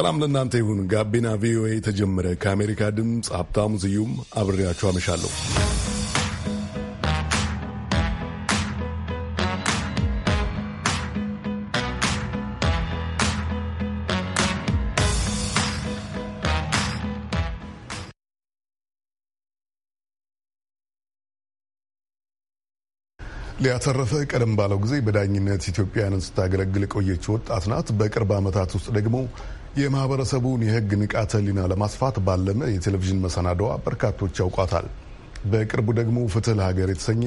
ሰላም ለእናንተ ይሁን። ጋቢና ቪኦኤ የተጀመረ ከአሜሪካ ድምፅ ሀብታሙ ስዩም አብሬያችሁ አመሻለሁ። ሊያተረፈ ቀደም ባለው ጊዜ በዳኝነት ኢትዮጵያን ስታገለግል የቆየች ወጣት ናት። በቅርብ ዓመታት ውስጥ ደግሞ የማህበረሰቡን የህግ ንቃተ ህሊና ለማስፋት ባለመ የቴሌቪዥን መሰናዶዋ በርካቶች ያውቋታል። በቅርቡ ደግሞ ፍትህ ለሀገር የተሰኘ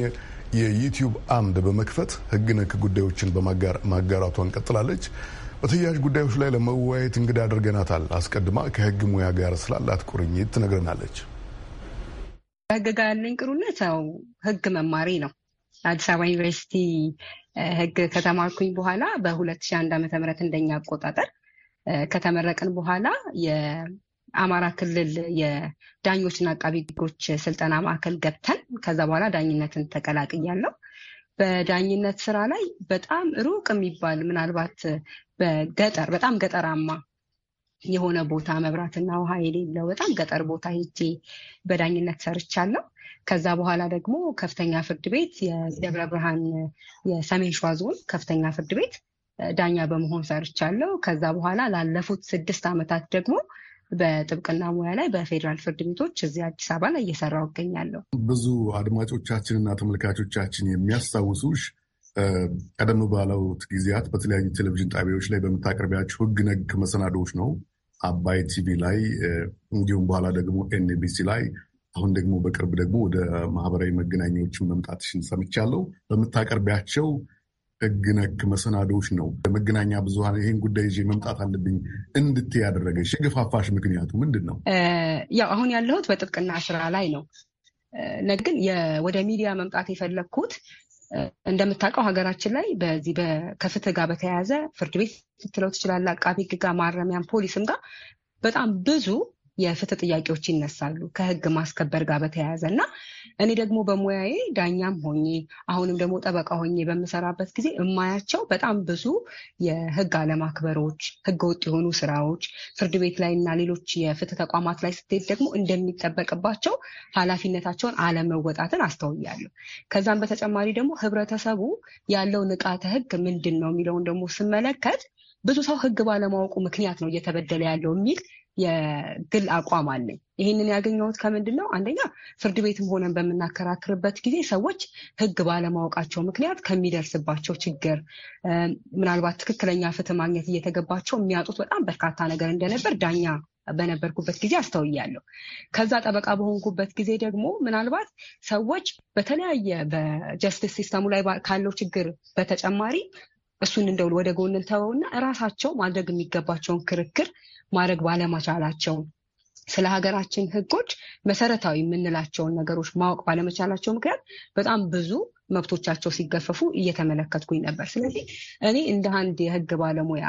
የዩቲዩብ አምድ በመክፈት ህግ ነክ ጉዳዮችን በማጋራቷን ቀጥላለች። በተያያዥ ጉዳዮች ላይ ለመወያየት እንግዳ አድርገናታል። አስቀድማ ከህግ ሙያ ጋር ስላላት ቁርኝት ትነግረናለች። ህግ ጋር ያለኝ ቅሩነት ያው ህግ መማሪ ነው። አዲስ አበባ ዩኒቨርሲቲ ህግ ከተማርኩኝ በኋላ በ2001 ዓ ም እንደኛ አቆጣጠር ከተመረቅን በኋላ የአማራ ክልል የዳኞችና አቃቢ ሕጎች ስልጠና ማዕከል ገብተን ከዛ በኋላ ዳኝነትን ተቀላቅያለሁ። በዳኝነት ስራ ላይ በጣም ሩቅ የሚባል ምናልባት በገጠር በጣም ገጠራማ የሆነ ቦታ መብራትና ውሃ የሌለው በጣም ገጠር ቦታ ሄጄ በዳኝነት ሰርቻለሁ። ከዛ በኋላ ደግሞ ከፍተኛ ፍርድ ቤት የደብረ ብርሃን የሰሜን ሸዋ ዞን ከፍተኛ ፍርድ ቤት ዳኛ በመሆን ሰርቻለሁ። ከዛ በኋላ ላለፉት ስድስት ዓመታት ደግሞ በጥብቅና ሙያ ላይ በፌዴራል ፍርድ ቤቶች እዚህ አዲስ አበባ ላይ እየሰራሁ እገኛለሁ። ብዙ አድማጮቻችንና ተመልካቾቻችን የሚያስታውሱሽ ቀደም ባለው ጊዜያት በተለያዩ ቴሌቪዥን ጣቢያዎች ላይ በምታቀርቢያቸው ሕግ ነክ መሰናዶዎች ነው። አባይ ቲቪ ላይ እንዲሁም በኋላ ደግሞ ኤንቢሲ ላይ አሁን ደግሞ በቅርብ ደግሞ ወደ ማህበራዊ መገናኛዎችን መምጣትሽን ሰምቻለሁ። በምታቀርቢያቸው ህግ ነክ መሰናዶች ነው መገናኛ ብዙኃን ይህን ጉዳይ ይዤ መምጣት አለብኝ እንድት ያደረገች የገፋፋሽ ምክንያቱ ምንድን ነው? ያው አሁን ያለሁት በጥብቅና ስራ ላይ ነው። ነገር ግን ወደ ሚዲያ መምጣት የፈለግኩት እንደምታውቀው ሀገራችን ላይ በዚህ ከፍትህ ጋር በተያያዘ ፍርድ ቤት ልትለው ትችላለህ፣ አቃቢ ህግ ጋር፣ ማረሚያም ፖሊስም ጋር በጣም ብዙ የፍትህ ጥያቄዎች ይነሳሉ ከህግ ማስከበር ጋር በተያያዘ እና እኔ ደግሞ በሙያዬ ዳኛም ሆኜ አሁንም ደግሞ ጠበቃ ሆኜ በምሰራበት ጊዜ እማያቸው በጣም ብዙ የህግ አለማክበሮች፣ ህገ ወጥ የሆኑ ስራዎች ፍርድ ቤት ላይ እና ሌሎች የፍትህ ተቋማት ላይ ስትሄድ ደግሞ እንደሚጠበቅባቸው ኃላፊነታቸውን አለመወጣትን አስተውያለሁ። ከዛም በተጨማሪ ደግሞ ህብረተሰቡ ያለው ንቃተ ህግ ምንድን ነው የሚለውን ደግሞ ስመለከት ብዙ ሰው ህግ ባለማወቁ ምክንያት ነው እየተበደለ ያለው የሚል የግል አቋም አለኝ። ይህንን ያገኘሁት ከምንድን ነው? አንደኛ ፍርድ ቤትም ሆነን በምናከራክርበት ጊዜ ሰዎች ሕግ ባለማወቃቸው ምክንያት ከሚደርስባቸው ችግር ምናልባት ትክክለኛ ፍትህ ማግኘት እየተገባቸው የሚያጡት በጣም በርካታ ነገር እንደነበር ዳኛ በነበርኩበት ጊዜ አስተውያለሁ። ከዛ ጠበቃ በሆንኩበት ጊዜ ደግሞ ምናልባት ሰዎች በተለያየ በጀስቲስ ሲስተሙ ላይ ካለው ችግር በተጨማሪ እሱን እንደው ወደ ጎን ተወውና እራሳቸው ማድረግ የሚገባቸውን ክርክር ማድረግ ባለመቻላቸው ስለ ሀገራችን ሕጎች መሰረታዊ የምንላቸውን ነገሮች ማወቅ ባለመቻላቸው ምክንያት በጣም ብዙ መብቶቻቸው ሲገፈፉ እየተመለከትኩኝ ነበር። ስለዚህ እኔ እንደ አንድ የሕግ ባለሙያ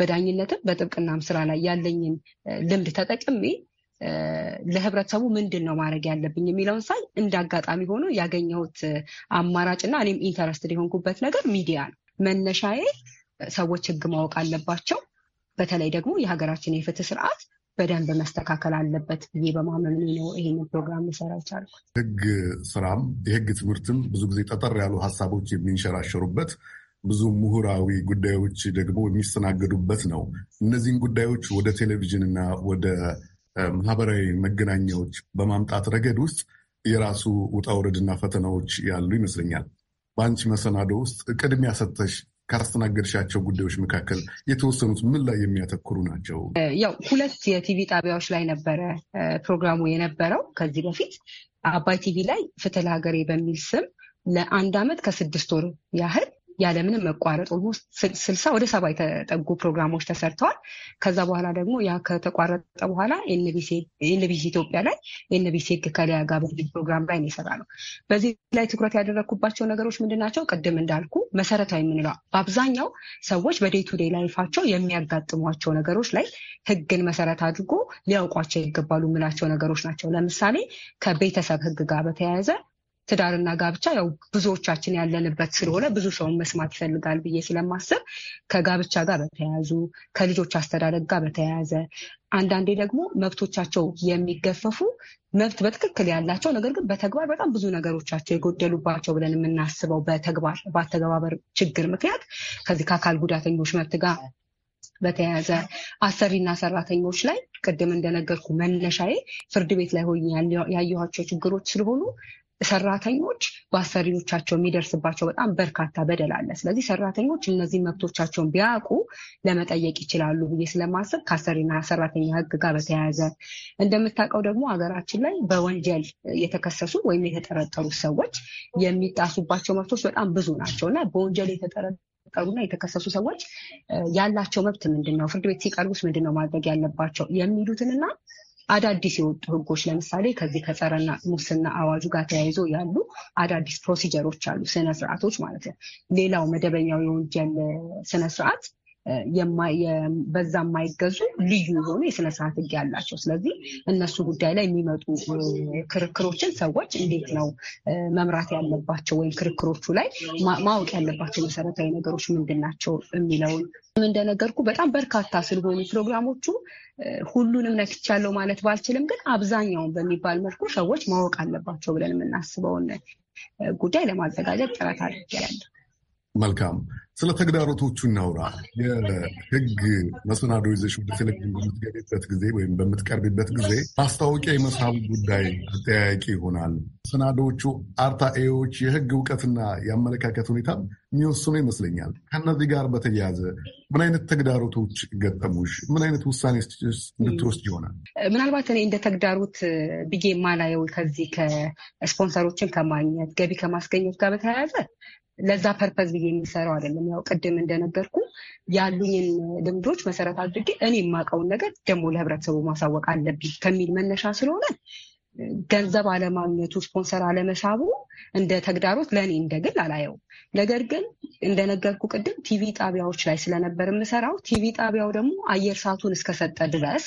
በዳኝነትም በጥብቅናም ስራ ላይ ያለኝን ልምድ ተጠቅሜ ለህብረተሰቡ ምንድን ነው ማድረግ ያለብኝ የሚለውን ሳይ እንደ አጋጣሚ ሆኖ ያገኘሁት አማራጭ እና እኔም ኢንተረስት የሆንኩበት ነገር ሚዲያ ነው። መነሻዬ ሰዎች ህግ ማወቅ አለባቸው፣ በተለይ ደግሞ የሀገራችን የፍትህ ስርዓት በደንብ መስተካከል አለበት ብዬ በማመኑ ነው ይህን ፕሮግራም ልሰራ የቻልኩት። ህግ ስራም የህግ ትምህርትም ብዙ ጊዜ ጠጠር ያሉ ሀሳቦች የሚንሸራሸሩበት ብዙ ምሁራዊ ጉዳዮች ደግሞ የሚስተናገዱበት ነው። እነዚህን ጉዳዮች ወደ ቴሌቪዥንና ወደ ማህበራዊ መገናኛዎች በማምጣት ረገድ ውስጥ የራሱ ውጣ ውረድና ፈተናዎች ያሉ ይመስለኛል። በአንቺ መሰናዶ ውስጥ ቅድሚያ ሰጥተሽ ካስተናገድሻቸው ጉዳዮች መካከል የተወሰኑት ምን ላይ የሚያተኩሩ ናቸው? ያው ሁለት የቲቪ ጣቢያዎች ላይ ነበረ ፕሮግራሙ የነበረው ከዚህ በፊት አባይ ቲቪ ላይ ፍትህ ለሀገሬ በሚል ስም ለአንድ አመት ከስድስት ወር ያህል ያለምንም መቋረጥ ኦልሞስት ስልሳ ወደ ሰባ የተጠጉ ፕሮግራሞች ተሰርተዋል። ከዛ በኋላ ደግሞ ያ ከተቋረጠ በኋላ ኤንቢሲ ኢትዮጵያ ላይ ኤንቢሲ ህግ ከሊያ ጋር በሚል ፕሮግራም ላይ የሰራ ነው። በዚህ ላይ ትኩረት ያደረግኩባቸው ነገሮች ምንድን ናቸው? ቅድም እንዳልኩ መሰረታዊ የምንለው በአብዛኛው ሰዎች በዴይ ቱ ዴይ ላይፋቸው የሚያጋጥሟቸው ነገሮች ላይ ህግን መሰረት አድርጎ ሊያውቋቸው ይገባሉ የምላቸው ነገሮች ናቸው። ለምሳሌ ከቤተሰብ ህግ ጋር በተያያዘ ትዳርና ጋብቻ ያው ብዙዎቻችን ያለንበት ስለሆነ ብዙ ሰውን መስማት ይፈልጋል ብዬ ስለማስብ ከጋብቻ ጋር በተያያዙ ከልጆች አስተዳደግ ጋር በተያያዘ አንዳንዴ ደግሞ መብቶቻቸው የሚገፈፉ መብት በትክክል ያላቸው ነገር ግን በተግባር በጣም ብዙ ነገሮቻቸው የጎደሉባቸው ብለን የምናስበው በተግባር በአተገባበር ችግር ምክንያት ከዚህ ከአካል ጉዳተኞች መብት ጋር በተያያዘ አሰሪና ሰራተኞች ላይ ቅድም እንደነገርኩ መነሻዬ ፍርድ ቤት ላይ ሆኜ ያየኋቸው ችግሮች ስለሆኑ ሰራተኞች በአሰሪዎቻቸው የሚደርስባቸው በጣም በርካታ በደል አለ። ስለዚህ ሰራተኞች እነዚህ መብቶቻቸውን ቢያውቁ ለመጠየቅ ይችላሉ ብዬ ስለማስብ ከአሰሪና ሰራተኛ ሕግ ጋር በተያያዘ እንደምታውቀው ደግሞ ሀገራችን ላይ በወንጀል የተከሰሱ ወይም የተጠረጠሩ ሰዎች የሚጣሱባቸው መብቶች በጣም ብዙ ናቸው እና በወንጀል የተጠረጠሩና የተከሰሱ ሰዎች ያላቸው መብት ምንድን ነው? ፍርድ ቤት ሲቀርቡስ ምንድን ነው ማድረግ ያለባቸው? የሚሉትንና አዳዲስ የወጡ ህጎች ለምሳሌ ከዚህ ከጸረና ሙስና አዋጁ ጋር ተያይዞ ያሉ አዳዲስ ፕሮሲጀሮች አሉ፣ ስነስርዓቶች ማለት ነው። ሌላው መደበኛው የወንጀል ስነስርዓት በዛ የማይገዙ ልዩ የሆኑ የስነስርዓት ህግ ያላቸው። ስለዚህ እነሱ ጉዳይ ላይ የሚመጡ ክርክሮችን ሰዎች እንዴት ነው መምራት ያለባቸው ወይም ክርክሮቹ ላይ ማወቅ ያለባቸው መሰረታዊ ነገሮች ምንድን ናቸው የሚለውን እንደነገርኩ በጣም በርካታ ስለሆኑ ፕሮግራሞቹ ሁሉንም ነክቻለሁ ማለት ባልችልም፣ ግን አብዛኛውን በሚባል መልኩ ሰዎች ማወቅ አለባቸው ብለን የምናስበውን ጉዳይ ለማዘጋጀት ጥረት አድርጌያለሁ። መልካም ስለ ተግዳሮቶቹ እናውራ። የህግ መሰናዶ ይዘሽ ወደ ቴሌቪዥን በምትገቢበት ጊዜ ወይም በምትቀርቢበት ጊዜ ማስታወቂያ የመስራቡ ጉዳይ አጠያያቂ ይሆናል። መሰናዶዎቹ አርታኤዎች የህግ እውቀትና የአመለካከት ሁኔታ የሚወስኑ ይመስለኛል። ከእነዚህ ጋር በተያያዘ ምን አይነት ተግዳሮቶች ገጠሙሽ? ምን አይነት ውሳኔ እንድትወስድ ይሆናል? ምናልባት እኔ እንደ ተግዳሮት ብዬ የማላየው ከዚህ ከስፖንሰሮችን ከማግኘት ገቢ ከማስገኘት ጋር በተያያዘ ለዛ ፐርፐዝ ብዬ የሚሰራው አይደለም። ያው ቅድም እንደነገርኩ ያሉኝን ልምዶች መሰረት አድርጌ እኔ የማውቀውን ነገር ደግሞ ለህብረተሰቡ ማሳወቅ አለብኝ ከሚል መነሻ ስለሆነ ገንዘብ አለማግኘቱ ስፖንሰር አለመሳቡ እንደ ተግዳሮት ለእኔ እንደግል አላየው። ነገር ግን እንደነገርኩ ቅድም ቲቪ ጣቢያዎች ላይ ስለነበር የምሰራው ቲቪ ጣቢያው ደግሞ አየር ሰዓቱን እስከሰጠ ድረስ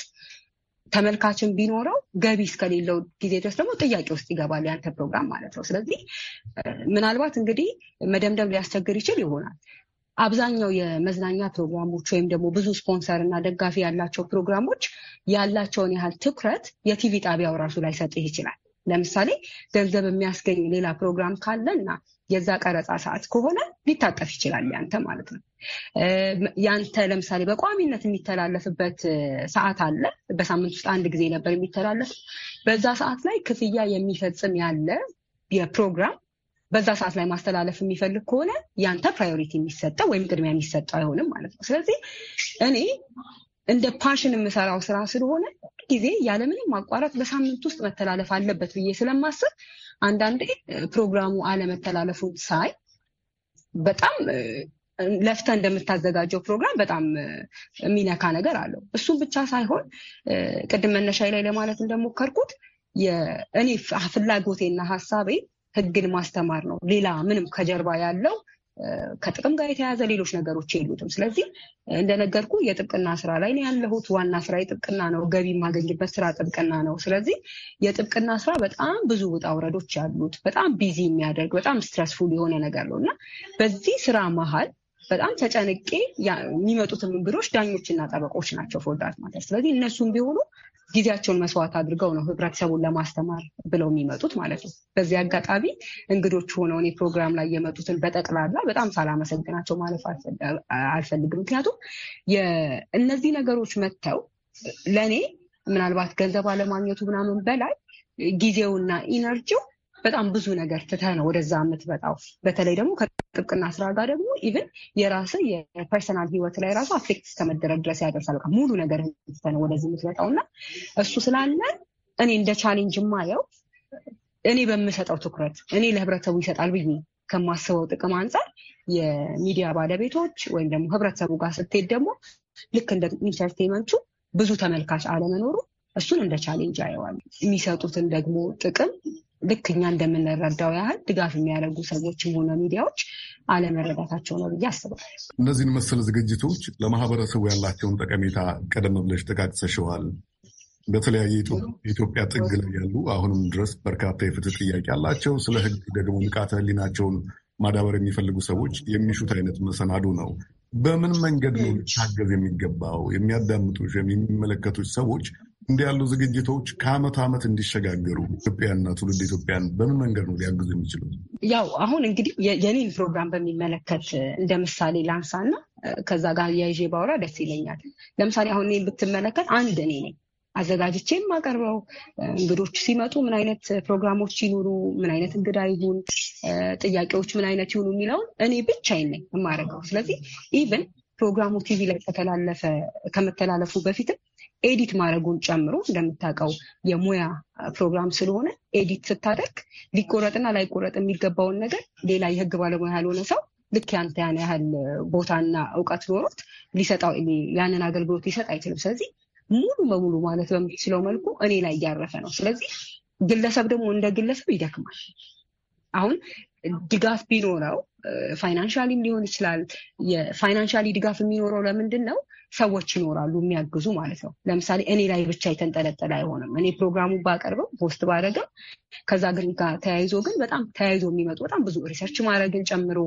ተመልካችን ቢኖረው ገቢ እስከሌለው ጊዜ ድረስ ደግሞ ጥያቄ ውስጥ ይገባል ያንተ ፕሮግራም ማለት ነው። ስለዚህ ምናልባት እንግዲህ መደምደም ሊያስቸግር ይችል ይሆናል። አብዛኛው የመዝናኛ ፕሮግራሞች ወይም ደግሞ ብዙ ስፖንሰር እና ደጋፊ ያላቸው ፕሮግራሞች ያላቸውን ያህል ትኩረት የቲቪ ጣቢያው ራሱ ላይ ሰጥህ ይችላል። ለምሳሌ ገንዘብ የሚያስገኝ ሌላ ፕሮግራም ካለ እና የዛ ቀረፃ ሰዓት ከሆነ ሊታጠፍ ይችላል ያንተ ማለት ነው። ያንተ ለምሳሌ በቋሚነት የሚተላለፍበት ሰዓት አለ። በሳምንት ውስጥ አንድ ጊዜ ነበር የሚተላለፍ። በዛ ሰዓት ላይ ክፍያ የሚፈጽም ያለ የፕሮግራም በዛ ሰዓት ላይ ማስተላለፍ የሚፈልግ ከሆነ ያንተ ፕራዮሪቲ የሚሰጠው ወይም ቅድሚያ የሚሰጠው አይሆንም ማለት ነው። ስለዚህ እኔ እንደ ፓሽን የምሰራው ስራ ስለሆነ ጊዜ ያለምንም ማቋረጥ በሳምንት ውስጥ መተላለፍ አለበት ብዬ ስለማስብ አንዳንዴ ፕሮግራሙ አለመተላለፉን ሳይ በጣም ለፍተ እንደምታዘጋጀው ፕሮግራም በጣም የሚነካ ነገር አለው። እሱም ብቻ ሳይሆን ቅድም መነሻዬ ላይ ለማለት እንደሞከርኩት እኔ ፍላጎቴና ሀሳቤ ህግን ማስተማር ነው። ሌላ ምንም ከጀርባ ያለው ከጥቅም ጋር የተያያዘ ሌሎች ነገሮች የሉትም። ስለዚህ እንደነገርኩ የጥብቅና ስራ ላይ ነው ያለሁት። ዋና ስራ የጥብቅና ነው። ገቢ የማገኝበት ስራ ጥብቅና ነው። ስለዚህ የጥብቅና ስራ በጣም ብዙ ውጣ ውረዶች ያሉት፣ በጣም ቢዚ የሚያደርግ በጣም ስትረስፉል የሆነ ነገር ነው እና በዚህ ስራ መሀል በጣም ተጨንቄ የሚመጡትም እንግዶች ዳኞችና ጠበቆች ናቸው ፎልዳት ማለት ስለዚህ እነሱም ቢሆኑ ጊዜያቸውን መስዋዕት አድርገው ነው ህብረተሰቡን ለማስተማር ብለው የሚመጡት ማለት ነው። በዚህ አጋጣሚ እንግዶች ሆነው እኔ ፕሮግራም ላይ የመጡትን በጠቅላላ በጣም ሳላመሰግናቸው ማለፍ አልፈልግም። ምክንያቱም እነዚህ ነገሮች መጥተው ለእኔ ምናልባት ገንዘብ አለማግኘቱ ምናምን በላይ ጊዜውና ኢነርጂው በጣም ብዙ ነገር ትተህ ነው ወደዛ የምትመጣው። በተለይ ደግሞ ከጥብቅና ስራ ጋር ደግሞ ኢቨን የራስ የፐርሰናል ህይወት ላይ ራሱ አፌክት እስከመደረግ ድረስ ያደርሳል። ሙሉ ነገር ትተህ ነው ወደዚህ የምትመጣው እና እሱ ስላለ እኔ እንደ ቻሌንጅ ማየው እኔ በምሰጠው ትኩረት እኔ ለህብረተሰቡ ይሰጣል ብዬ ከማስበው ጥቅም አንጻር የሚዲያ ባለቤቶች ወይም ደግሞ ህብረተሰቡ ጋር ስትሄድ ደግሞ ልክ እንደ ኢንተርቴንመንቱ ብዙ ተመልካች አለመኖሩ እሱን እንደ ቻሌንጅ አየዋል። የሚሰጡትን ደግሞ ጥቅም ልክ እኛ እንደምንረዳው ያህል ድጋፍ የሚያደርጉ ሰዎችም ሆነ ሚዲያዎች አለመረዳታቸው ነው ብዬ አስባለሁ። እነዚህን መሰል ዝግጅቶች ለማህበረሰቡ ያላቸውን ጠቀሜታ ቀደም ብለሽ ጠቃቅሰሸዋል። በተለያየ የኢትዮጵያ ጥግ ላይ ያሉ አሁንም ድረስ በርካታ የፍትህ ጥያቄ አላቸው። ስለ ህግ ደግሞ ንቃተ ህሊናቸውን ማዳበር የሚፈልጉ ሰዎች የሚሹት አይነት መሰናዱ ነው። በምን መንገድ ነው ልታገዝ የሚገባው? የሚያዳምጡሽ ወይም የሚመለከቱሽ ሰዎች እንዲህ ያሉ ዝግጅቶች ከአመት ዓመት እንዲሸጋገሩ ኢትዮጵያና ትውልድ ኢትዮጵያን በምን መንገድ ነው ሊያግዙ የሚችሉት? ያው አሁን እንግዲህ የኔን ፕሮግራም በሚመለከት እንደ ምሳሌ ላንሳና ከዛ ጋር የይዤ ባውራ ደስ ይለኛል። ለምሳሌ አሁን እኔን ብትመለከት አንድ እኔ ነኝ አዘጋጅቼ የማቀርበው እንግዶች ሲመጡ ምን አይነት ፕሮግራሞች ይኑሩ፣ ምን አይነት እንግዳ ይሁን፣ ጥያቄዎች ምን አይነት ይሁኑ የሚለውን እኔ ብቻዬን ነኝ የማደርገው። ስለዚህ ኢቨን ፕሮግራሙ ቲቪ ላይ ከተላለፈ ከመተላለፉ በፊትም ኤዲት ማድረጉን ጨምሮ እንደምታውቀው የሙያ ፕሮግራም ስለሆነ ኤዲት ስታደርግ ሊቆረጥና ላይቆረጥ የሚገባውን ነገር ሌላ የህግ ባለሙያ ያልሆነ ሰው ልክ ያንተ ያን ያህል ቦታና እውቀት ኖሮት ሊሰጣው ያንን አገልግሎት ሊሰጥ አይችልም። ስለዚህ ሙሉ በሙሉ ማለት በምትችለው መልኩ እኔ ላይ እያረፈ ነው። ስለዚህ ግለሰብ ደግሞ እንደ ግለሰብ ይደክማል። አሁን ድጋፍ ቢኖረው ፋይናንሻሊም ሊሆን ይችላል። የፋይናንሻሊ ድጋፍ የሚኖረው ለምንድን ነው? ሰዎች ይኖራሉ የሚያግዙ ማለት ነው። ለምሳሌ እኔ ላይ ብቻ የተንጠለጠለ አይሆንም። እኔ ፕሮግራሙ ባቀርበው ፖስት ባደረገም ከዛ ግን ጋር ተያይዞ ግን በጣም ተያይዞ የሚመጡ በጣም ብዙ ሪሰርች ማድረግን ጨምሮ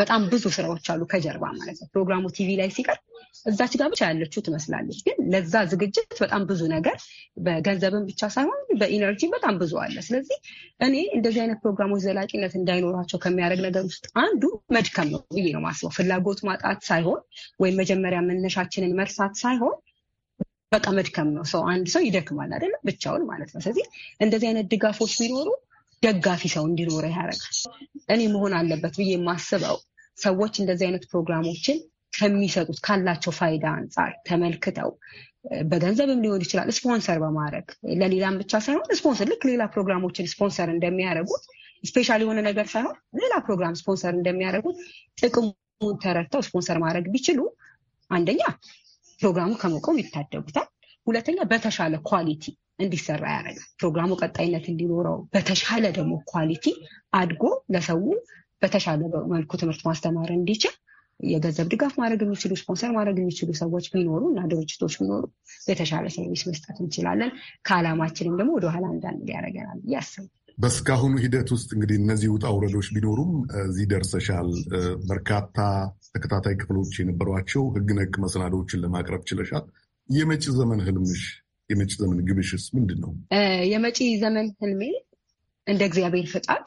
በጣም ብዙ ስራዎች አሉ ከጀርባ ማለት ነው። ፕሮግራሙ ቲቪ ላይ ሲቀርብ እዛች ጋር ብቻ ያለችው ትመስላለች፣ ግን ለዛ ዝግጅት በጣም ብዙ ነገር በገንዘብም ብቻ ሳይሆን በኢነርጂ በጣም ብዙ አለ። ስለዚህ እኔ እንደዚህ አይነት ፕሮግራሞች ዘላቂነት እንዳይኖራቸው ከሚያደርግ ነገር ውስጥ አንዱ መድከም ነው ብዬ ነው ማስበው። ፍላጎት ማጣት ሳይሆን ወይም መጀመሪያ መነሻችንን መርሳት ሳይሆን በቃ መድከም ነው። ሰው አንድ ሰው ይደክማል አይደለም ብቻውን ማለት ነው። ስለዚህ እንደዚህ አይነት ድጋፎች ቢኖሩ ደጋፊ ሰው እንዲኖረ ያደርጋል። እኔ መሆን አለበት ብዬ የማስበው ሰዎች እንደዚህ አይነት ፕሮግራሞችን ከሚሰጡት ካላቸው ፋይዳ አንጻር ተመልክተው በገንዘብም ሊሆን ይችላል ስፖንሰር በማድረግ ለሌላም ብቻ ሳይሆን ስፖንሰር ልክ ሌላ ፕሮግራሞችን ስፖንሰር እንደሚያደርጉት ስፔሻል የሆነ ነገር ሳይሆን ሌላ ፕሮግራም ስፖንሰር እንደሚያደርጉት ጥቅሙን ተረድተው ስፖንሰር ማድረግ ቢችሉ አንደኛ ፕሮግራሙ ከመቆም ይታደጉታል። ሁለተኛ በተሻለ ኳሊቲ እንዲሰራ ያደርጋል። ፕሮግራሙ ቀጣይነት እንዲኖረው በተሻለ ደግሞ ኳሊቲ አድጎ ለሰው በተሻለ መልኩ ትምህርት ማስተማር እንዲችል የገንዘብ ድጋፍ ማድረግ የሚችሉ ስፖንሰር ማድረግ የሚችሉ ሰዎች ቢኖሩ እና ድርጅቶች ቢኖሩ የተሻለ ሰርቪስ መስጠት እንችላለን። ከዓላማችንም ደግሞ ወደኋላ እንዳንል ያደርገናል ብዬ አስባለሁ። በስካሁኑ ሂደት ውስጥ እንግዲህ እነዚህ ውጣ ውረዶች ቢኖሩም እዚህ ደርሰሻል። በርካታ ተከታታይ ክፍሎች የነበሯቸው ህግ ነክ መሰናዶዎችን ለማቅረብ ችለሻል። የመጪ ዘመን ህልምሽ የመጪ ዘመን ግብሽስ ምንድን ነው? የመጪ ዘመን ህልሜ እንደ እግዚአብሔር ፈቃድ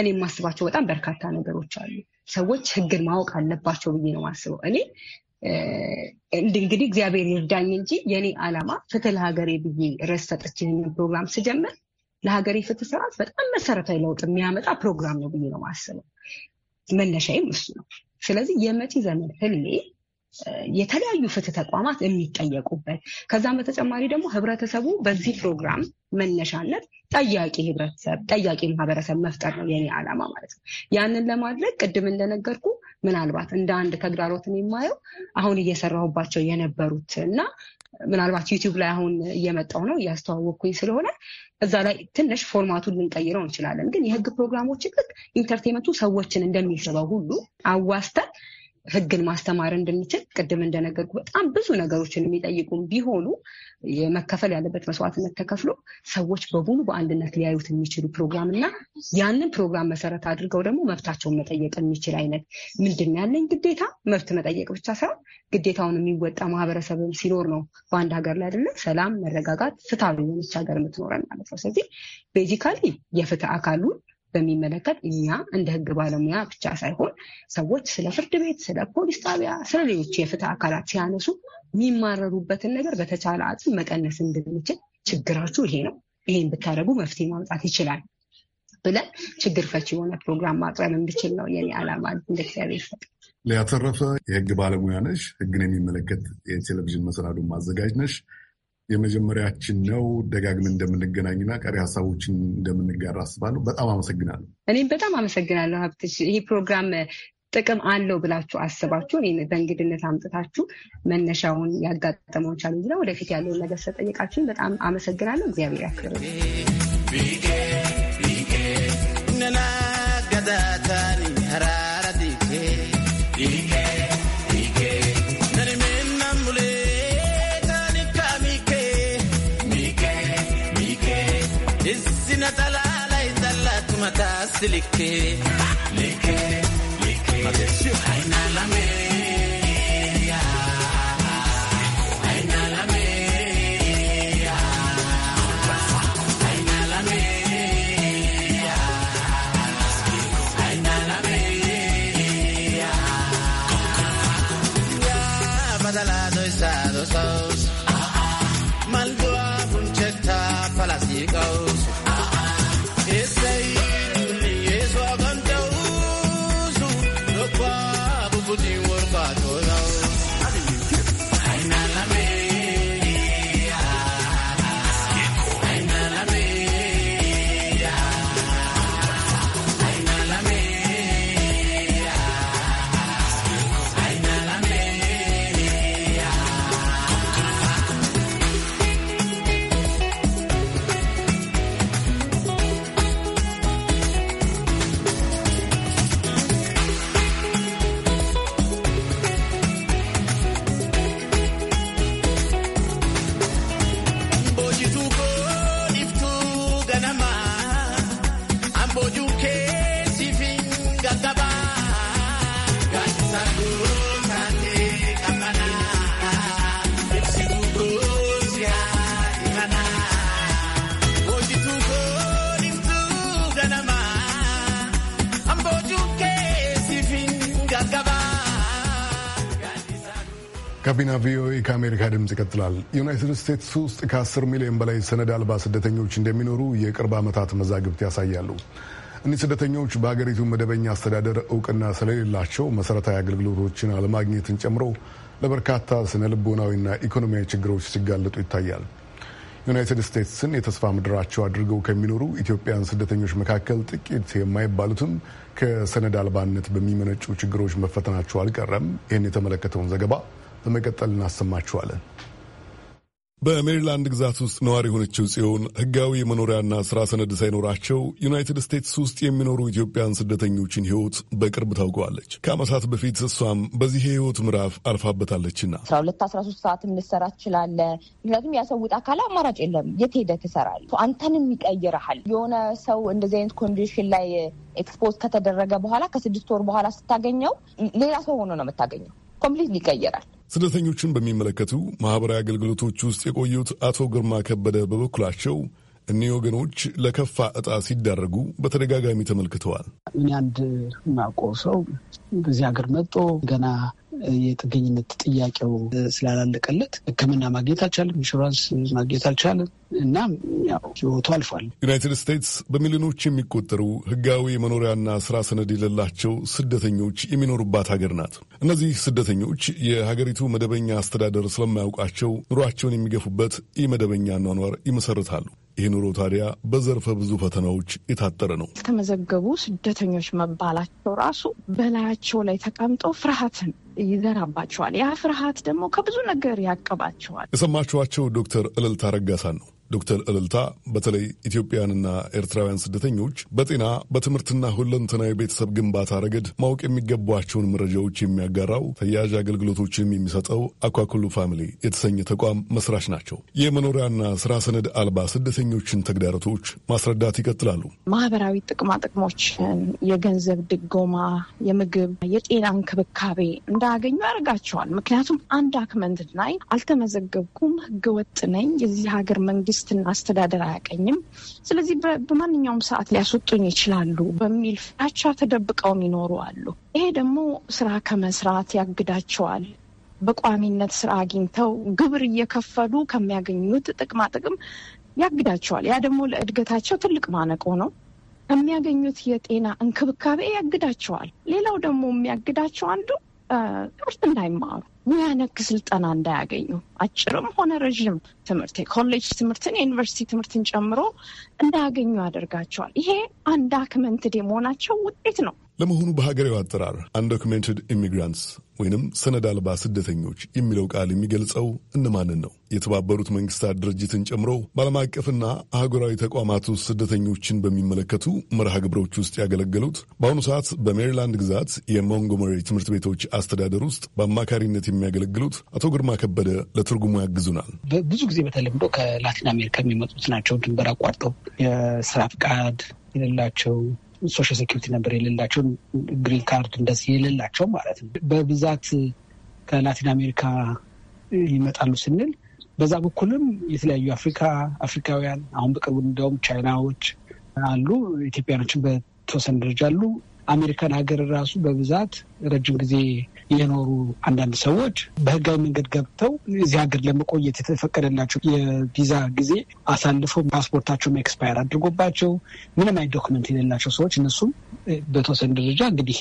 እኔ የማስባቸው በጣም በርካታ ነገሮች አሉ። ሰዎች ህግን ማወቅ አለባቸው ብዬ ነው የማስበው። እኔ እንግዲህ እግዚአብሔር ይርዳኝ እንጂ የእኔ ዓላማ ፍትህ ለሀገሬ ብዬ ርዕስ ሰጥቼ ፕሮግራም ስጀምር ለሀገሬ ፍትህ ስርዓት በጣም መሰረታዊ ለውጥ የሚያመጣ ፕሮግራም ነው ብዬ ነው የማስበው። መነሻዬም እሱ ነው። ስለዚህ የመጪ ዘመን ህልሜ የተለያዩ ፍትህ ተቋማት የሚጠየቁበት ከዛም በተጨማሪ ደግሞ ህብረተሰቡ በዚህ ፕሮግራም መነሻነት ጠያቂ ህብረተሰብ ጠያቂ ማህበረሰብ መፍጠር ነው የኔ ዓላማ ማለት ነው። ያንን ለማድረግ ቅድም እንደነገርኩ ምናልባት እንደ አንድ ተግዳሮትን የማየው አሁን እየሰራሁባቸው የነበሩት እና ምናልባት ዩቲዩብ ላይ አሁን እየመጣው ነው እያስተዋወቅኩኝ ስለሆነ እዛ ላይ ትንሽ ፎርማቱን ልንቀይረው እንችላለን። ግን የህግ ፕሮግራሞችን ልክ ኢንተርቴንመንቱ ሰዎችን እንደሚስበው ሁሉ አዋስተን ህግን ማስተማር እንድንችል ቅድም እንደነገርኩ በጣም ብዙ ነገሮችን የሚጠይቁም ቢሆኑ የመከፈል ያለበት መስዋዕትነት ተከፍሎ ሰዎች በሙሉ በአንድነት ሊያዩት የሚችሉ ፕሮግራም እና ያንን ፕሮግራም መሰረት አድርገው ደግሞ መብታቸውን መጠየቅ የሚችል አይነት ምንድን ያለኝ ግዴታ መብት መጠየቅ ብቻ ሳይሆን ግዴታውን የሚወጣ ማህበረሰብም ሲኖር ነው በአንድ ሀገር ላይ አይደለም ሰላም፣ መረጋጋት፣ ፍትሃዊ የሆነች ሀገር የምትኖረን ማለት ነው። ስለዚህ ቤዚካሊ የፍትህ አካሉን በሚመለከት እኛ እንደ ህግ ባለሙያ ብቻ ሳይሆን ሰዎች ስለ ፍርድ ቤት፣ ስለ ፖሊስ ጣቢያ፣ ስለ ሌሎች የፍትህ አካላት ሲያነሱ የሚማረሩበትን ነገር በተቻለ አጽም መቀነስ እንድንችል ችግራችሁ ይሄ ነው፣ ይሄን ብታደረጉ መፍትሄ ማምጣት ይችላል ብለን ችግር ፈች የሆነ ፕሮግራም ማቅረብ እንድችል ነው የኔ ዓላማ እንደ እግዚአብሔር ፈቃድ። ሊያ የህግ ባለሙያ ነሽ። ህግን የሚመለከት የቴሌቪዥን መሰናዱን ማዘጋጅ ነሽ። የመጀመሪያችን ነው። ደጋግመን እንደምንገናኝና ቀሪ ሀሳቦችን እንደምንጋራ አስባለሁ። በጣም አመሰግናለሁ። እኔም በጣም አመሰግናለሁ ሀብትሽ። ይህ ፕሮግራም ጥቅም አለው ብላችሁ አስባችሁ በእንግድነት አምጥታችሁ መነሻውን ያጋጠመውን ቻሉ እንጂ ወደፊት ያለውን ነገር ስለጠየቃችሁኝ በጣም አመሰግናለሁ። እግዚአብሔር ያክብር። Asilike, like, like, like, like, like, like, like, like, ጋቢና ቪኦኤ ከአሜሪካ ድምፅ ይቀጥላል። ዩናይትድ ስቴትስ ውስጥ ከ10 ሚሊዮን በላይ ሰነድ አልባ ስደተኞች እንደሚኖሩ የቅርብ ዓመታት መዛግብት ያሳያሉ። እኒህ ስደተኞች በሀገሪቱ መደበኛ አስተዳደር እውቅና ስለሌላቸው መሠረታዊ አገልግሎቶችን አለማግኘትን ጨምሮ ለበርካታ ስነ ልቦናዊና ኢኮኖሚያዊ ችግሮች ሲጋለጡ ይታያል። ዩናይትድ ስቴትስን የተስፋ ምድራቸው አድርገው ከሚኖሩ ኢትዮጵያን ስደተኞች መካከል ጥቂት የማይባሉትም ከሰነድ አልባነት በሚመነጩ ችግሮች መፈተናቸው አልቀረም። ይህን የተመለከተውን ዘገባ በመቀጠል እናሰማችኋለን። በሜሪላንድ ግዛት ውስጥ ነዋሪ የሆነችው ጽዮን ሕጋዊ መኖሪያና ሥራ ሰነድ ሳይኖራቸው ዩናይትድ ስቴትስ ውስጥ የሚኖሩ ኢትዮጵያን ስደተኞችን ሕይወት በቅርብ ታውቀዋለች። ከአመሳት በፊት እሷም በዚህ የሕይወት ምዕራፍ አልፋበታለችና አስራ ሁለት አስራ ሶስት ሰዓትም ልትሰራ ትችላለህ። ምክንያቱም ያሰውጥ አካል አማራጭ የለም። የት ሄደህ ትሰራለህ? አንተንም ይቀይረሃል። የሆነ ሰው እንደዚህ አይነት ኮንዲሽን ላይ ኤክስፖዝ ከተደረገ በኋላ ከስድስት ወር በኋላ ስታገኘው ሌላ ሰው ሆኖ ነው የምታገኘው። ኮምፕሊት ይቀይራል። ስደተኞችን በሚመለከቱ ማኅበራዊ አገልግሎቶች ውስጥ የቆዩት አቶ ግርማ ከበደ በበኩላቸው እኒህ ወገኖች ለከፋ እጣ ሲዳረጉ በተደጋጋሚ ተመልክተዋል። እኔ አንድ ማቆ ሰው በዚህ ሀገር መጦ ገና የጥገኝነት ጥያቄው ስላላለቀለት ሕክምና ማግኘት አልቻለም፣ ኢንሹራንስ ማግኘት አልቻለም። እናም ያው ህይወቱ አልፏል። ዩናይትድ ስቴትስ በሚሊዮኖች የሚቆጠሩ ህጋዊ የመኖሪያና ስራ ሰነድ የሌላቸው ስደተኞች የሚኖሩባት ሀገር ናት። እነዚህ ስደተኞች የሀገሪቱ መደበኛ አስተዳደር ስለማያውቃቸው ኑሯቸውን የሚገፉበት የመደበኛ ኗኗር ይመሰርታሉ። ይህ ኑሮ ታዲያ በዘርፈ ብዙ ፈተናዎች የታጠረ ነው። የተመዘገቡ ስደተኞች መባላቸው ራሱ በላያቸው ላይ ተቀምጠው ፍርሃትን ይዘራባቸዋል። ያ ፍርሃት ደግሞ ከብዙ ነገር ያቀባቸዋል። የሰማችኋቸው ዶክተር እልልታ ረጋሳን ነው። ዶክተር እልልታ በተለይ ኢትዮጵያውያንና ኤርትራውያን ስደተኞች በጤና በትምህርትና ሁለንተናዊ ቤተሰብ ግንባታ ረገድ ማወቅ የሚገቧቸውን መረጃዎች የሚያጋራው ተያያዥ አገልግሎቶችም የሚሰጠው አኳኩሉ ፋሚሊ የተሰኘ ተቋም መስራች ናቸው። የመኖሪያና ስራ ሰነድ አልባ ስደተኞችን ተግዳሮቶች ማስረዳት ይቀጥላሉ። ማህበራዊ ጥቅማ ጥቅሞችን፣ የገንዘብ ድጎማ፣ የምግብ የጤና እንክብካቤ እንዳያገኙ ያደርጋቸዋል። ምክንያቱም አንድ አክመንት ላይ አልተመዘገብኩም፣ ህገወጥ ነኝ፣ የዚህ ሀገር መንግስት መንግስትና አስተዳደር አያቀኝም። ስለዚህ በማንኛውም ሰዓት ሊያስወጡኝ ይችላሉ በሚል ፍራቻ ተደብቀውም ይኖሩ አሉ። ይሄ ደግሞ ስራ ከመስራት ያግዳቸዋል። በቋሚነት ስራ አግኝተው ግብር እየከፈሉ ከሚያገኙት ጥቅማ ጥቅም ያግዳቸዋል። ያ ደግሞ ለእድገታቸው ትልቅ ማነቆ ነው። ከሚያገኙት የጤና እንክብካቤ ያግዳቸዋል። ሌላው ደግሞ የሚያግዳቸው አንዱ ትምህርት እንዳይማሩ ሙያ ነክ ስልጠና እንዳያገኙ አጭርም ሆነ ረዥም ትምህርት የኮሌጅ ትምህርትን የዩኒቨርሲቲ ትምህርትን ጨምሮ እንዳያገኙ ያደርጋቸዋል። ይሄ አንድ አክመንትድ የመሆናቸው ውጤት ነው። ለመሆኑ በሀገሬው አጠራር አንዶኪመንትድ ኢሚግራንትስ ወይንም ሰነድ አልባ ስደተኞች የሚለው ቃል የሚገልጸው እነማንን ነው? የተባበሩት መንግስታት ድርጅትን ጨምሮ በዓለም አቀፍና አህጉራዊ ተቋማት ውስጥ ስደተኞችን በሚመለከቱ መርሃ ግብሮች ውስጥ ያገለገሉት በአሁኑ ሰዓት በሜሪላንድ ግዛት የሞንጎመሪ ትምህርት ቤቶች አስተዳደር ውስጥ በአማካሪነት የሚያገለግሉት አቶ ግርማ ከበደ ለትርጉሙ ያግዙናል። ብዙ ጊዜ በተለምዶ ከላቲን አሜሪካ የሚመጡት ናቸው። ድንበር አቋርጠው የስራ ፍቃድ የሌላቸው ሶሻል ሴኪሪቲ ነበር የሌላቸው ግሪን ካርድ እንደዚህ የሌላቸው ማለት ነው። በብዛት ከላቲን አሜሪካ ይመጣሉ ስንል በዛ በኩልም የተለያዩ አፍሪካ አፍሪካውያን አሁን በቅርቡ እንዲያውም ቻይናዎች አሉ፣ ኢትዮጵያኖችን በተወሰነ ደረጃ አሉ። አሜሪካን ሀገር ራሱ በብዛት ረጅም ጊዜ የኖሩ አንዳንድ ሰዎች በህጋዊ መንገድ ገብተው እዚህ ሀገር ለመቆየት የተፈቀደላቸው የቪዛ ጊዜ አሳልፈው ፓስፖርታቸውም ኤክስፓየር አድርጎባቸው ምንም አይነት ዶክመንት የሌላቸው ሰዎች እነሱም በተወሰነ ደረጃ እንግዲህ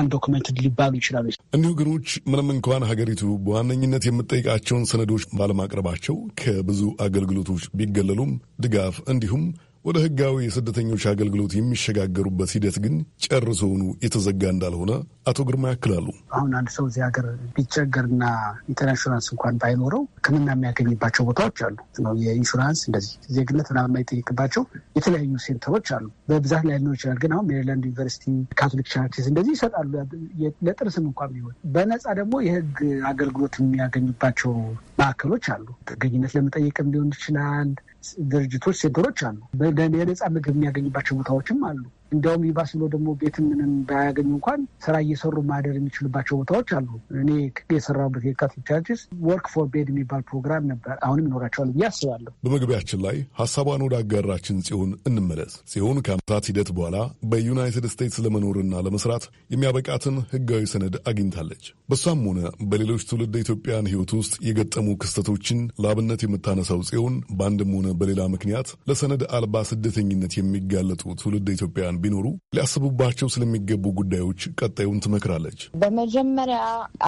አንድ ዶክመንት ሊባሉ ይችላሉ። እኒሁ ግኖች ምንም እንኳን ሀገሪቱ በዋነኝነት የምጠይቃቸውን ሰነዶች ባለማቅረባቸው ከብዙ አገልግሎቶች ቢገለሉም ድጋፍ እንዲሁም ወደ ህጋዊ የስደተኞች አገልግሎት የሚሸጋገሩበት ሂደት ግን ጨርሶውኑ የተዘጋ እንዳልሆነ አቶ ግርማ ያክላሉ። አሁን አንድ ሰው እዚህ ሀገር ቢቸገርና ኢንሹራንስ እንኳን ባይኖረው ሕክምና የሚያገኝባቸው ቦታዎች አሉ። የኢንሹራንስ እንደዚህ ዜግነት ምናምን የማይጠይቅባቸው የተለያዩ ሴንተሮች አሉ። በብዛት ላይ ሊኖር ይችላል። ግን አሁን ሜሪላንድ ዩኒቨርሲቲ፣ ካቶሊክ ቻርችስ እንደዚህ ይሰጣሉ። ለጥርስም እንኳን ቢሆን በነፃ ደግሞ የህግ አገልግሎት የሚያገኙባቸው ማዕከሎች አሉ። ጥገኝነት ለመጠየቅም ሊሆን ይችላል ድርጅቶች፣ ሴንተሮች አሉ። የነፃ ምግብ የሚያገኝባቸው ቦታዎችም አሉ። እንዲያውም ይባስ ብሎ ደግሞ ቤት ምንም ባያገኙ እንኳን ስራ እየሰሩ ማደር የሚችሉባቸው ቦታዎች አሉ። እኔ የሰራበት የካቶሊክ ወርክ ፎር ቤድ የሚባል ፕሮግራም ነበር። አሁንም ይኖራቸዋል ብዬ አስባለሁ። በመግቢያችን ላይ ሀሳቧን ወደ አጋራችን ጽሁን እንመለስ። ጽሁን ከአመታት ሂደት በኋላ በዩናይትድ ስቴትስ ለመኖርና ለመስራት የሚያበቃትን ህጋዊ ሰነድ አግኝታለች። በሷም ሆነ በሌሎች ትውልድ ኢትዮጵያን ህይወት ውስጥ የገጠሙ ክስተቶችን ለአብነት የምታነሳው ጽሁን በአንድም ሆነ በሌላ ምክንያት ለሰነድ አልባ ስደተኝነት የሚጋለጡ ትውልድ ኢትዮጵያን እንኳን ቢኖሩ ሊያስቡባቸው ስለሚገቡ ጉዳዮች ቀጣዩን ትመክራለች። በመጀመሪያ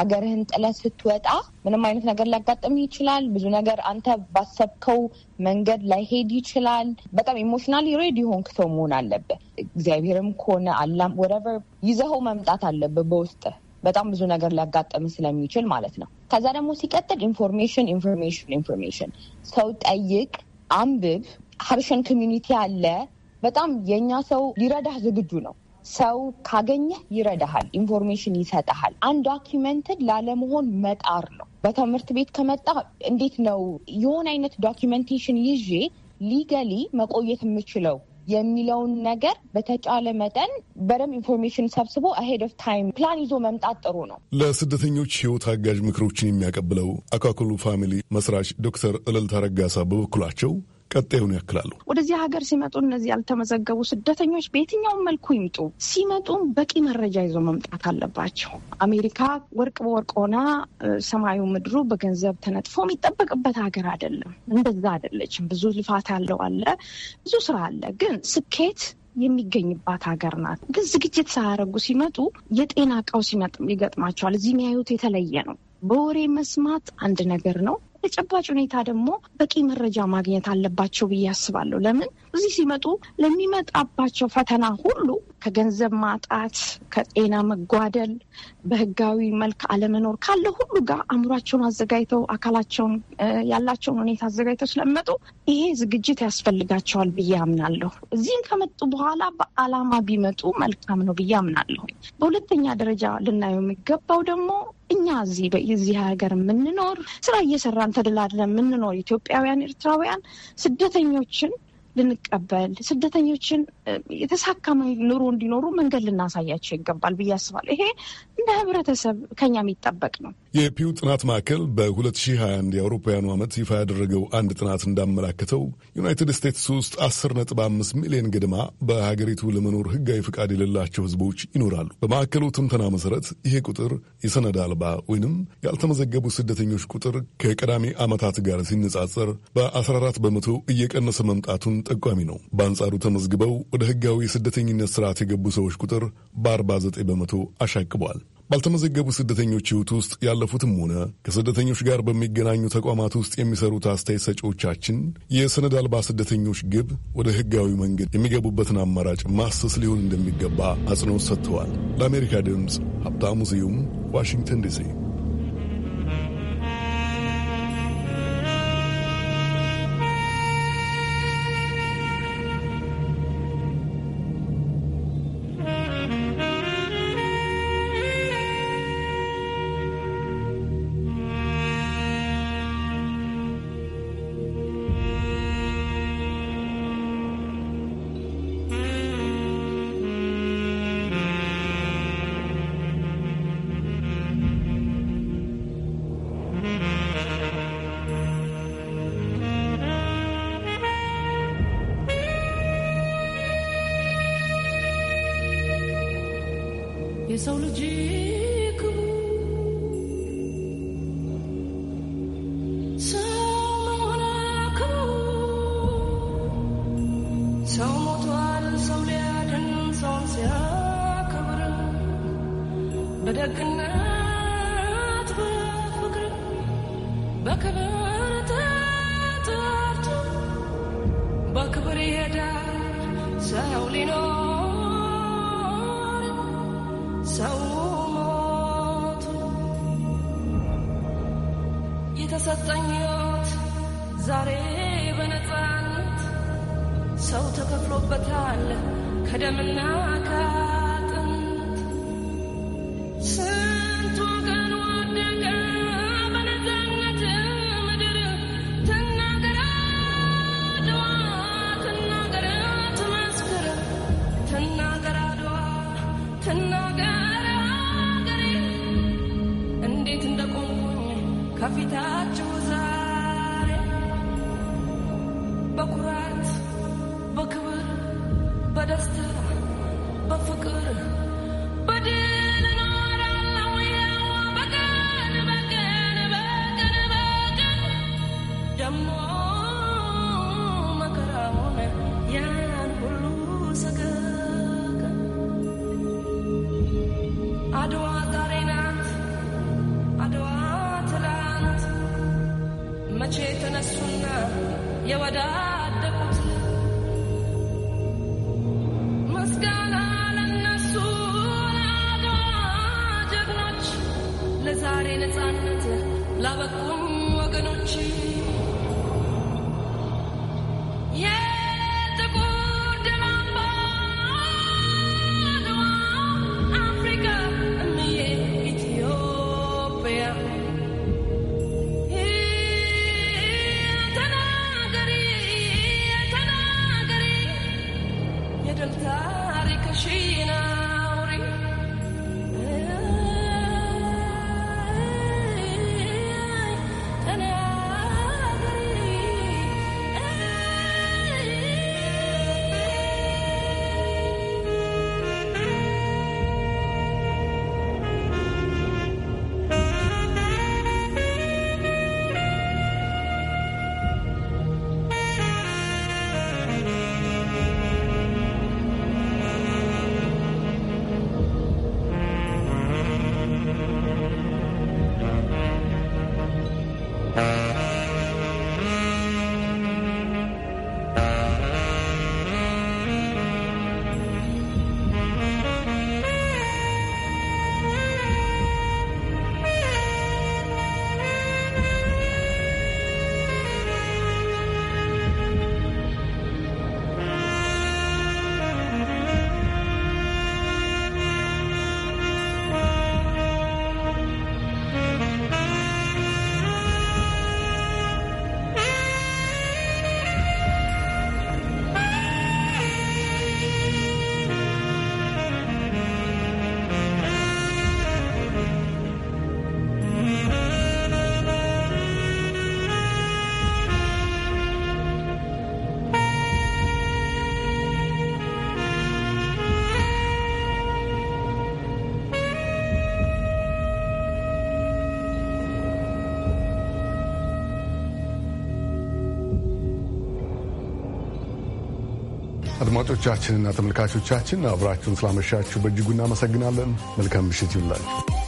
አገርህን ጥለህ ስትወጣ ምንም አይነት ነገር ሊያጋጥም ይችላል። ብዙ ነገር አንተ ባሰብከው መንገድ ላይሄድ ይችላል። በጣም ኢሞሽናሊ ሬዲ ሆን ሰው መሆን አለብህ። እግዚአብሔርም ከሆነ አላም ወረቨር ይዘኸው መምጣት አለብህ በውስጥ በጣም ብዙ ነገር ሊያጋጠም ስለሚችል ማለት ነው። ከዛ ደግሞ ሲቀጥል ኢንፎርሜሽን ኢንፎርሜሽን ኢንፎርሜሽን ሰው ጠይቅ፣ አንብብ። ሀርሽን ኮሚኒቲ አለ በጣም የእኛ ሰው ሊረዳህ ዝግጁ ነው። ሰው ካገኘ ይረዳሃል፣ ኢንፎርሜሽን ይሰጠሃል። አንድ ዶኪመንትን ላለመሆን መጣር ነው። በትምህርት ቤት ከመጣ እንዴት ነው የሆነ አይነት ዶኪመንቴሽን ይዤ ሊገሊ መቆየት የምችለው የሚለውን ነገር በተጫለ መጠን በደንብ ኢንፎርሜሽን ሰብስቦ አሄድ ኦፍ ታይም ፕላን ይዞ መምጣት ጥሩ ነው። ለስደተኞች ህይወት አጋዥ ምክሮችን የሚያቀብለው አካክሉ ፋሚሊ መስራች ዶክተር እልልታ ረጋሳ በበኩላቸው ቀጣዩን ያክላሉ። ወደዚህ ሀገር ሲመጡ እነዚህ ያልተመዘገቡ ስደተኞች በየትኛውም መልኩ ይምጡ፣ ሲመጡም በቂ መረጃ ይዞ መምጣት አለባቸው። አሜሪካ ወርቅ በወርቅ ሆና ሰማዩ ምድሩ በገንዘብ ተነጥፎ የሚጠበቅበት ሀገር አይደለም። እንደዛ አይደለችም። ብዙ ልፋት ያለው አለ፣ ብዙ ስራ አለ። ግን ስኬት የሚገኝባት ሀገር ናት። ግን ዝግጅት ሳያደርጉ ሲመጡ የጤና ቀውስ ይገጥማቸዋል። እዚህ የሚያዩት የተለየ ነው። በወሬ መስማት አንድ ነገር ነው። ተጨባጭ ሁኔታ ደግሞ በቂ መረጃ ማግኘት አለባቸው ብዬ አስባለሁ። ለምን እዚህ ሲመጡ ለሚመጣባቸው ፈተና ሁሉ ከገንዘብ ማጣት፣ ከጤና መጓደል፣ በህጋዊ መልክ አለመኖር ካለ ሁሉ ጋር አእምሯቸውን አዘጋጅተው አካላቸውን ያላቸውን ሁኔታ አዘጋጅተው ስለሚመጡ ይሄ ዝግጅት ያስፈልጋቸዋል ብዬ አምናለሁ። እዚህም ከመጡ በኋላ በአላማ ቢመጡ መልካም ነው ብዬ አምናለሁ። በሁለተኛ ደረጃ ልናየው የሚገባው ደግሞ እኛ እዚህ በዚህ ሀገር የምንኖር ስራ እየሰራን ተደላድለን የምንኖር ኢትዮጵያውያን፣ ኤርትራውያን ስደተኞችን ልንቀበል ስደተኞችን የተሳካ ኑሮ እንዲኖሩ መንገድ ልናሳያቸው ይገባል ብዬ አስባለሁ። ይሄ እንደ ህብረተሰብ ከኛ የሚጠበቅ ነው። የፒው ጥናት ማዕከል በ2021 የአውሮፓውያኑ ዓመት ይፋ ያደረገው አንድ ጥናት እንዳመላከተው ዩናይትድ ስቴትስ ውስጥ 5 ሚሊዮን ገድማ በሀገሪቱ ለመኖር ህጋዊ ፈቃድ የሌላቸው ህዝቦች ይኖራሉ። በማዕከሉ ትንተና መሰረት ይሄ ቁጥር የሰነድ አልባ ወይንም ያልተመዘገቡ ስደተኞች ቁጥር ከቀዳሚ ዓመታት ጋር ሲነጻጸር በ14 በመቶ እየቀነሰ መምጣቱን ጠቋሚ ነው። በአንጻሩ ተመዝግበው ወደ ህጋዊ የስደተኝነት ስርዓት የገቡ ሰዎች ቁጥር በ49 በመቶ አሻቅቧል። ባልተመዘገቡ ስደተኞች ህይወት ውስጥ ያለፉትም ሆነ ከስደተኞች ጋር በሚገናኙ ተቋማት ውስጥ የሚሰሩት አስተያየት ሰጪዎቻችን የሰነድ አልባ ስደተኞች ግብ ወደ ህጋዊ መንገድ የሚገቡበትን አማራጭ ማሰስ ሊሆን እንደሚገባ አጽንኦት ሰጥተዋል። ለአሜሪካ ድምፅ ሀብታሙ ስዩም ዋሽንግተን ዲሲ sou iludido. የተሰጠኝ ሕይወት ዛሬ በነፃነት ሰው ተከፍሎበታል ከደምና አካል የወዳደቁት ምስጋና ለዛሬ ነፃነት ላበቁም አድማጮቻችንና ተመልካቾቻችን አብራችሁን ስላመሻችሁ በእጅጉ እናመሰግናለን። መልካም ምሽት ይሁንላችሁ።